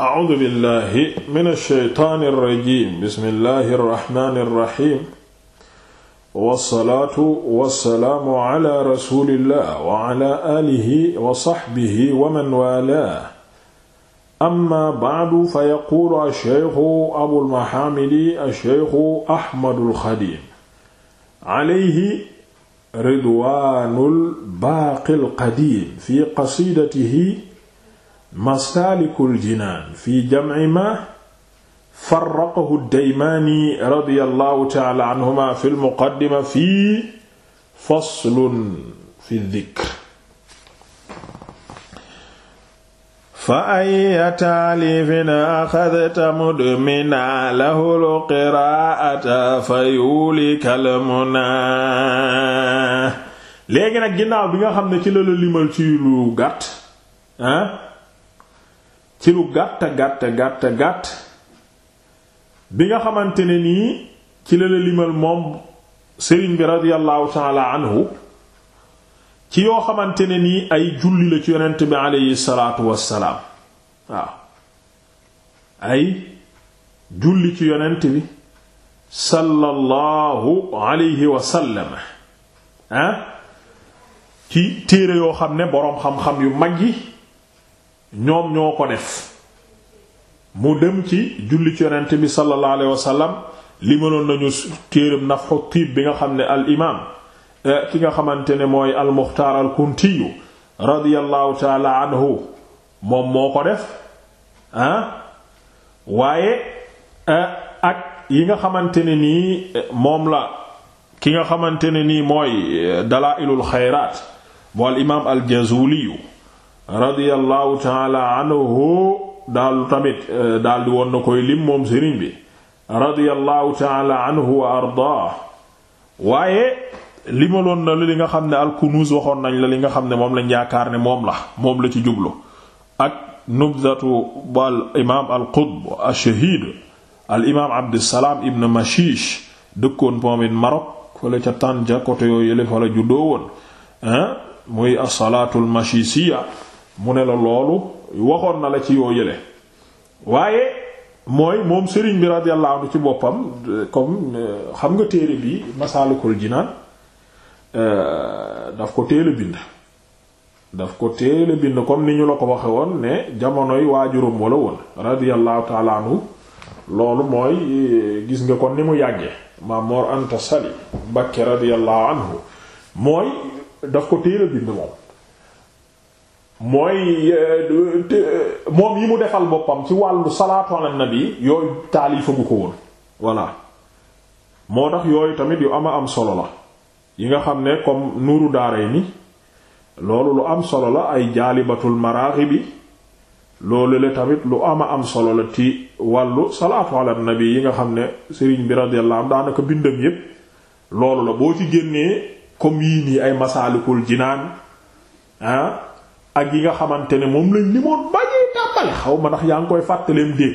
A'uuzu billaahi mina shaytaani rajiim bismillaahi rahmaani rahiim. wasalaatu wasalaamu ala rasulillah wa ala aalihi wa saxbihi wa man waalaahu. amma ba'du fa yaquulu ash-shaykhu abul mahaamidi ash-shaykhu Ahmadul Xadiim. alayhi ridwaanul baaqil qadiim fi qasiidatihi masaalikul jinaan fi jam'i ma farraqahu daymaani radiyallahu ta'ala anhuma fi al-muqaddima fi faslun fi dhikr fa ayya taalifin axadta mudmina lahul qiraata fa yulikal munaa léegi nag ginnaaw bi nga xam ne ci la la limal ci lu gàtt ah ci lu gàtta gàtta gàtta gàtt bi nga xamante ne nii ci la la limal moom sëriñ bi radiyallahu taala anhu ci yoo xamante ne nii ay julli la ci yonent bi aleyhi salaatu wassalaam waaw ay julli ci yonent bi sallallahu alayhi wa ah? ci téere yoo xam ne boroom xam-xam yu mag yi ñoom ñoo ko def mu dem ci julli ci yonent bi sallallahu alayhi wasallam li mënoon nañu téeram nafxu tiib bi nga xam ne al imaam eh, ki nga xamante ne mooy al muxtaar al kuntiyu moom ko def ah waaye eh, ak yi nga xamante ne nii eh, moom la ki nga xamante ne nii mooy dalailul xayraat bu al imaam al jazuliyu radiyallahu taala anhu daal tamit eh, daal di woon na koy lim moom sëriñ bi radiyallahu taala anhu wa ardaa waaye limaloon na li nga xam ne alkunuuz waxoon nañ la li nga xam ne moom lañ yaakaar ne moom la moom la ci jublu ak nubdatu bal imaam alqutb ash-shahiid al imaam abdusalaam ibn mashiish dëkkoon moom it Maroc fële ca Tanja côté yooyu yële fa juddoo woon muy as al-mashiishiyya mu ne la loolu waxoon na la ci yoo yële waaye mooy moom sëriñ bi radiyallahu anhu ci boppam comme euh, xam nga téere bi Masaalikul Jinaan euh, daf ko téela bind daf ko téele bind comme ni ñu la ko waxe woon ne jamonoy waajuram wala woon radiyallahu taala anhu loolu mooy euh, gis nga kon ni mu yàgge maam Mor Anta Sali Bakke radiyallahu anhu mooy daf ko téele bind moom mooy euh, moom yi mu defal boppam ci wàllu salaatu ala nabi yooyu taalifagu ko woon voilà moo tax yooyu tamit yu ama am solo la yi nga xam ne comme nuuru daaray ni loolu lu am solo la ay jaalibatul maraaxibi loolu la tamit lu ama am solo la ci wàllu salaatu ala nabi yi nga xam ne sëriñ bi radiyallahu anhu daanaka bindam yépp loolu la boo ci génnee comme yi nii ay masaalikul jinaan ah ak yi nga xamante ne moom lañ limoon ba tàmbali xaw ma ndax yaa ngi koy fàttaleem déeg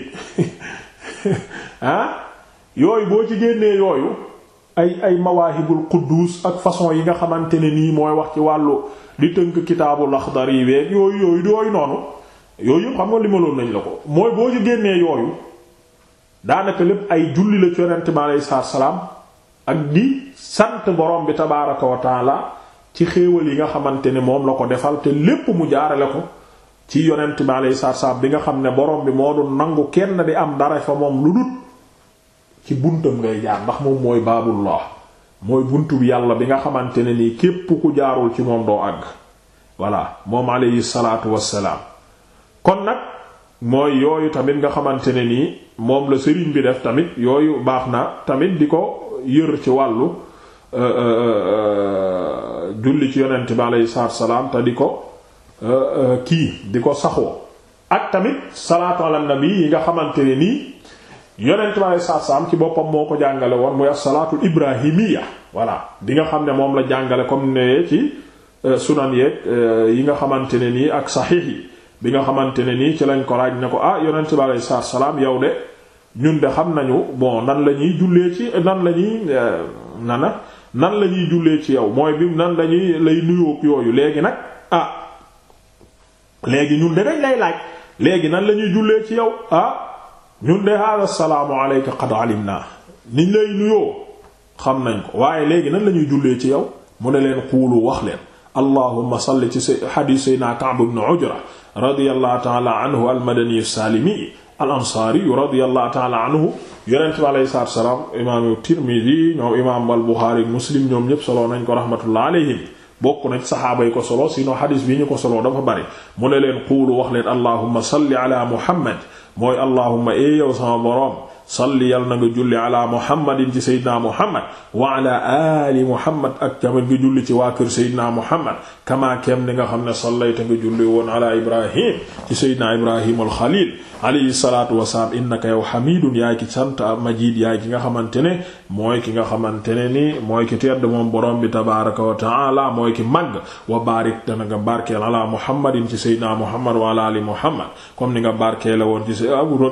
ah yooyu boo ci génnee yooyu ay ay mawaahibul quddus ak façon yi nga xamante ne nii mooy wax ci wàllu di tënk kitaabu laxdar yi weeg yooyu yooyu yooyu noonu yooyu yëpp xam nga limaloon nañ la ko mooy boo ci génnee yooyu daanaka lépp ay julli la ci yonent bi salaam ak di sant borom bi tabaaraka wa ci xéewal yi nga xamante ne moom la ko defal te lépp mu jaarale ko ci yonent bi alayhi salaam bi nga xam ne borom bi moo dul nangu kenn di am dara fa moom lu dul ci buntam ngay jaar ndax moom mooy baabullah mooy yàlla bi nga xamante ne nii képp ku jaarul ci moom doo àgg voilà moom alayhi salaatu wassalaam kon nag mooy yooyu tamit nga xamante ne nii moom la sëriñ bi def tamit yooyu baax na tamit di ko yër ci wàllu Euh, euh, euh, julli ci yonent bi aleyhi salaatu salaam te di ko kii di ko saxoo ak tamit salaatu ala nabi yi nga xamante ne nii yonent bi aleyhi salaatu salaam ci boppam moo ko jàngale woon muy as-salaatu ibrahimiya voilà di nga xam ne moom la jàngale kom ne ci sunan yeeg yi nga xamante ne nii ak saxiix yi bi nga xamante ne nii ci lañ ko laaj ne ko ah yonent bi aleyhi salaatu salaam yow de ñun de xam nañu bon nan la ñuy jullee ci nan la nana nan la ñuy jullee ci yow mooy bi nan lañuy lay nuyoog yooyu léegi nag ah léegi ñun de dañ lay laaj léegi nan la ñuy jullee ci yow ah ñun de hada salaamu alayka qad alimna niñ lay nuyoo xam nañ ko waaye léegi nan la ñuy jullee ci yow mu ne leen xuulu wax leen allahumma salli ci xadiis sayna Ka'b ibn Ujra radiyallahu ta'ala anhu al madani as-salimi al anhu yonent bi alayhi salaatu salaam imaam Tirmidi ñoom imaam al Buxaari Muslim ñoom ñëpp solo nañ ko rahmatullah alayhim bokk na saxaaba yi ko solo sinon xadis bi ñu ko solo dafa bari mu ne leen quulu wax leen allahumma salli ala muhammad mooy allahumma ee eh yow sama boroom salli yal na nga julli ala muhammadin ci seydina muhammad wa ala ali muhammad ak tamit nga julli ci waa kër seydina muhammad kama kem ni nga xam ne sallayta nga julli woon ala ibrahim ci seydina ibrahim al xalil alayhi salatu wasalaam innaka yow hamidun yaay ki sant majid yaay ki nga xamante ne mooy ki nga xamante ne nii mooy ki tedd moom borom bi tabaraka wa taala mooy ki màgg wa baarik dana nga barkeel ala muhammadin ci seydina muhammad wa ala ali muhammad comme ni nga barkeele woon ci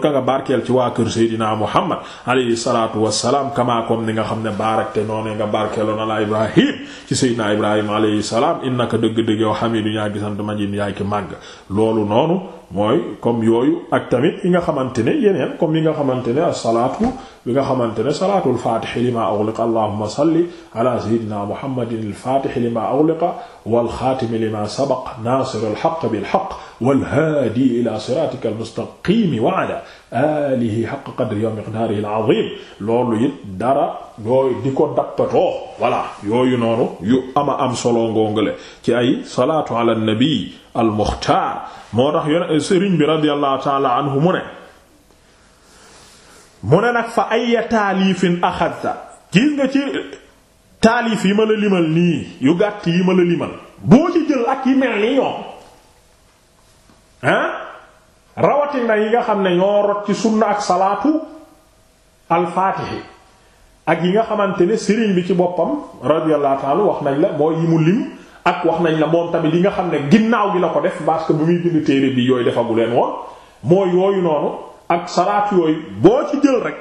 ka nga barkeel ci waa kër seydina muhammad alayhi salatu wasalaam kama comme nga xam ne baarakte noonee nga barkeeloon ala ibrahim ci seydina ibrahim alayhi salaam innaka dëgg-dëgg yow hamidu yaa gisant majid yaay ki màgg loolu noonu mooy comme yooyu ak tamit yi nga xamante ne yeneen comme yi nga xamante ne asalaatu bi nga xamante ne salaatul faatixi lima ughliqa allahumma salli ala sayyidina muhammadin al-faatixi lima ughliqa wal xaatimi lima sabaqa naasiril haqqi bil haqqi wal haadii ila siraatika al-mustaqiim wa ala aalihi haqqa qadrihi wa miqdaarihi al-aziim loolu it dara yooyu di ko dappatoo voilà yooyu noonu yu ama am solo ngoongale ci ay salaatu ala nabi al-muxtaar moo tax Serigne bi radiyallahu ta'ala anhu mu ne mu ne nag fa ay taalifin axadta gis nga ci taalif yi ma la limal nii yu gàtt yi ma la limal boo ci jël ak yi mel ni ñoom ah rawatina yi nga xam ne ñoo rot ci sunna ak salaatu alfaatixi ak yi nga xamante ne sëriñ bi ci boppam radiyallahu ta'ala wax nañ la mooy yi mu lim ak wax nañ la moom tamit yi nga xam ne ginnaaw gi la ko def parce que muy bind téere bi yooyu defagu leen woon mooy yooyu noonu ak salaat yooyu boo ci jël rek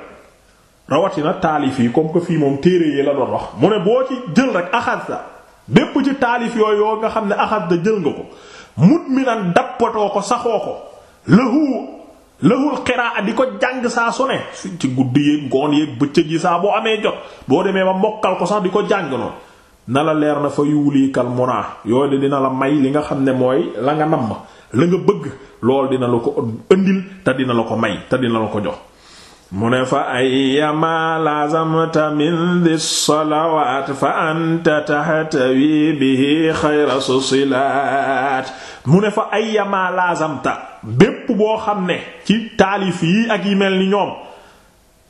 rawatina taalif yi comme ko fii moom téere yi la doon wax mu ne boo ci jël rek axas la bépp ci taalif yooyu yoo nga xam ne axas da jël nga ko mut mi nan dappatoo ko saxoo ko lahu lahul xiraa di ko jàng saa su ne ci gudd yéeg ngoon yéeg bëccëg yi saa boo amee jot boo demee ba mokkal ko sax di ko jàng noonu na la leer na fa yuwliikal munaa yooyu de dina la may li nga xam ne mooy la nga namm la nga bëgg lool dina la ko ëndil te dina la ko may te dina la ko jox mu ne fa ayyama lazamta min di salawaat fa anta tahtawi bihi xayra silaat mu ne fa ayyama lazamta bépp boo xam ne ci taalif yi ak yi mel ni ñoom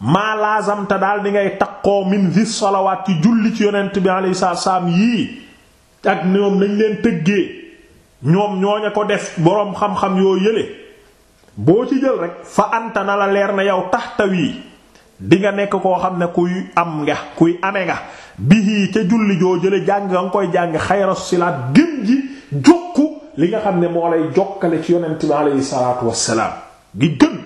maa lazamta daal di ngay takkoo min di salawaat ci julli ci yonent bi alayhi salaam yii ak ñoom nañ leen tëggee ñoom ñooña ko def boroom xam-xam yoo yële boo ci jël rek fa antana la leer na yow taxtawi di nga nekk koo xam ne kuy am nga kuy ame nga bihi ca julli joo jële jàng nga koy jàng xayra silaat gën ji jokku li nga xam ne moo lay jokkale ci yonent bi aleyhi salaatu wassalaam gi gën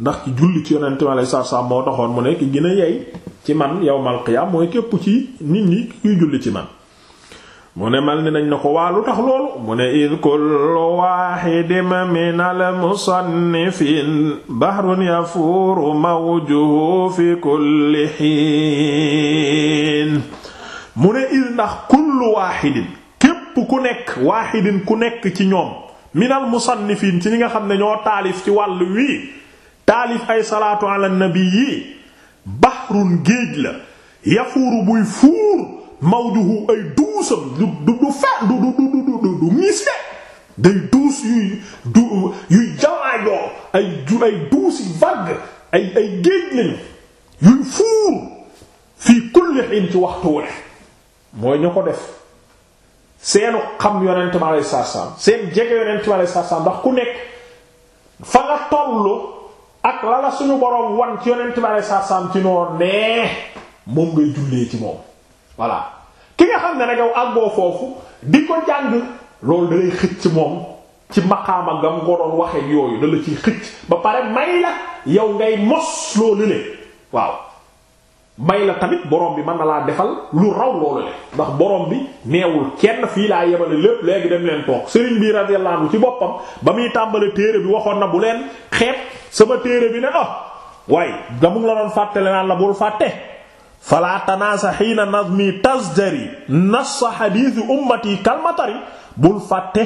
ndax ci julli ci yonent bi aleyhi salaatu wassalaam moo taxoon mu ne ki gën a yey ci man yawmal qiyaam mooy képp ci nit ñi kuy julli ci man mu ne mal ni nañ na ko waa lu tax loolu mu ne id kullu waaxidim mu ne id ndax kullu waaxidin képp ku nekk waaxidin ku nekk ci ñoom min al musannifin ci ñi nga xam ne ñoo taalif ci wàll wii taalif ay salaatu ala nabi yi géej la yafuuru buy fuur mawduhu ay duusam du du du fa du du du du du miis de day duus yuy du yuy jawaajoo ay du ay duusi vague ay ay géej lañu yuy fuur fii kulli xiin ci waxtu wu ne mooy ñu ko def seenu xam yonent mi alayhi salaatu salaam seen jege yonent mi alayhi salaatu salaam ndax ku nekk fa nga tollu ak la la suñu boroom wan ci yonent mi alayhi salaatu salaam ci noor nee moom ngay jullee ci moom voilà ki nga xam ne nag yow àggoo foofu di ko jàng loolu da lay moom ci maqaama nga mu ko doon waxee yooyu da la ciy xëcc ba pare may la yow ngay mos loolu le waaw may la tamit boroom bi mën na laa defal lu raw loolu le ndax borom bi neewul kenn fii laa yemale lépp léegi dem leen toog sëriñ bi radiyallahu anhu ci boppam ba muy tàmbali téere bi waxoon na bu leen xeet sama téere bi ne ah waaye damu la doon fàtte naan la bul fàtte. fala tanaasa xiina nazmi tasjari nassa xadiisu ummati kalmatari bul fàtte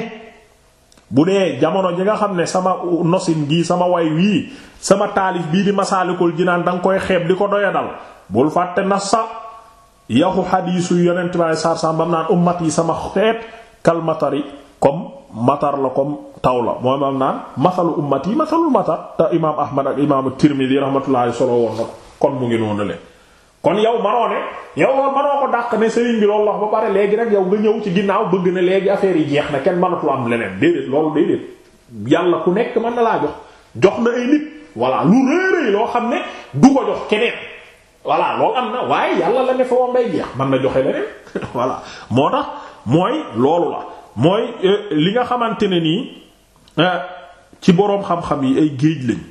bu dee jamono ji nga xam ne sama nosin gi sama way wii sama taalif bii di masaalikul jinaan danga koy xeeb di ko doyadal bul fàtte nassa yaxu xadiisu yonent baay saar saam bam naan ummati sama xeet kalmatari comme matar la comme taw la mooy bam naan masalu ummati masalul matar te imaam ahmad ak imaam tirmidi raxmatullaahi solo woon na kon mu ngi noonu le kon yow manoo ne yow loolu manoo ko dàq ne sëriñ bi loolu wax ba pare leegi rek yow nga ñëw ci ginnaaw bëgg na léegi affaire yi jeex na kenn mënatul am leneen déedéet loolu déedéet yàlla ku nekk mën na laa jox jox na ay nit voilà lu réeréy loo xam ne du ko jox keneen voilà loolu am na waaye yàlla la ne fa woon jeex mën na joxe leneen voilà moo tax mooy loolu la mooy euh, li nga xamante ne nii euh, ci boroom xam-xam yi ay géej lañ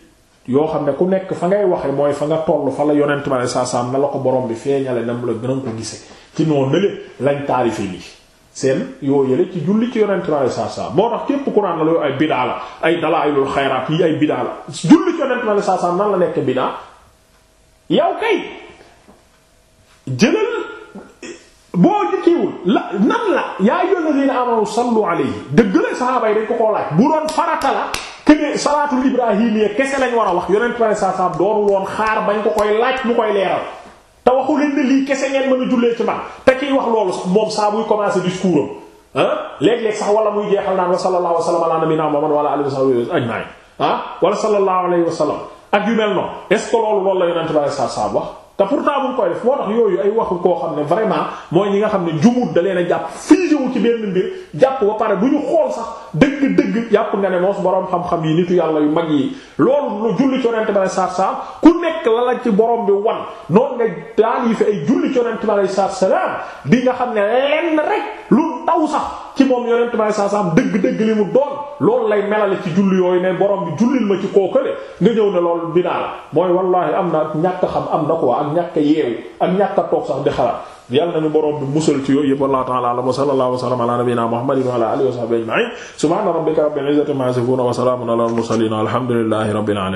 yoo xam ne ku nekk fa ngay waxe mooy fa nga toll fa la yonent ma ne saasaam na la ko borom bi feeñale na mu la gën a ko gise ci noonu nële lañ taarife lii seen yoo yële ci julli ci yonent ma moo tax képp ku naan la loolu ay bidaa la ay dalaa'ilul xayraat yi ay bidaa la julli ci yonent ma ne saasaam nan la nekk bidaa yow kay jëlal boo jikkiwul la nan la yaa ayyuhallazina amanu sallu alayhi dëgg la saxaaba dañ ko koo laaj bu doon farata la kënee salaatul ibrahimiya koy laaj koy leeral te waxu leen ne a jullee ci man te kiy wax loolu sax moom saa buy commencer discours léeg sax wala muy jeexal naan wa sallallahu wa sallam ala nabina muhammad wa ala alihi wa sahbihi ajma'in ah wala sallallahu ak yu mel noonu est ce loolu loolu la yonent bi saa wax te pourtant bu ngi koy def moo tax yooyu ay waxu koo xam ne vraiment mooy ñi nga xam ne jumut da leen a jàpp figé wu ci benn mbir jàpp ba pare du ñu xool sax dëgg-dëgg jàpp nga ne moos boroom xam-xam yi nitu yàlla yu mag yi loolu lu julli conent ba lay saar saam ku nekk la la ci boroom bi wan noonu nga daal yi fi ay julli conent ba lay saar salaam bi nga xam ne lenn rek lu ndaw sax ci moom yonent bi saa saam dëgg-dëgg li mu doon loolu lay melale ci julli yooyu ne borom bi jullil ma ci kookale nga ñëw ne loolu dinaa la mooy wallaahi am na ñàkk xam am na ko ak ñàkk yeewu ak ñàkk toog sax di xalaat yàlla nañu borom bi musal ci yooyu yëpp wallahu ta'ala a sallallahu wa sallama ala nabiyyina muhammadin wa ala alihi wa sahbihi ajma'in subhana rabbika rabbil izzati amma yasifun wa salamun ala al mursalin alhamdulillahi rabbil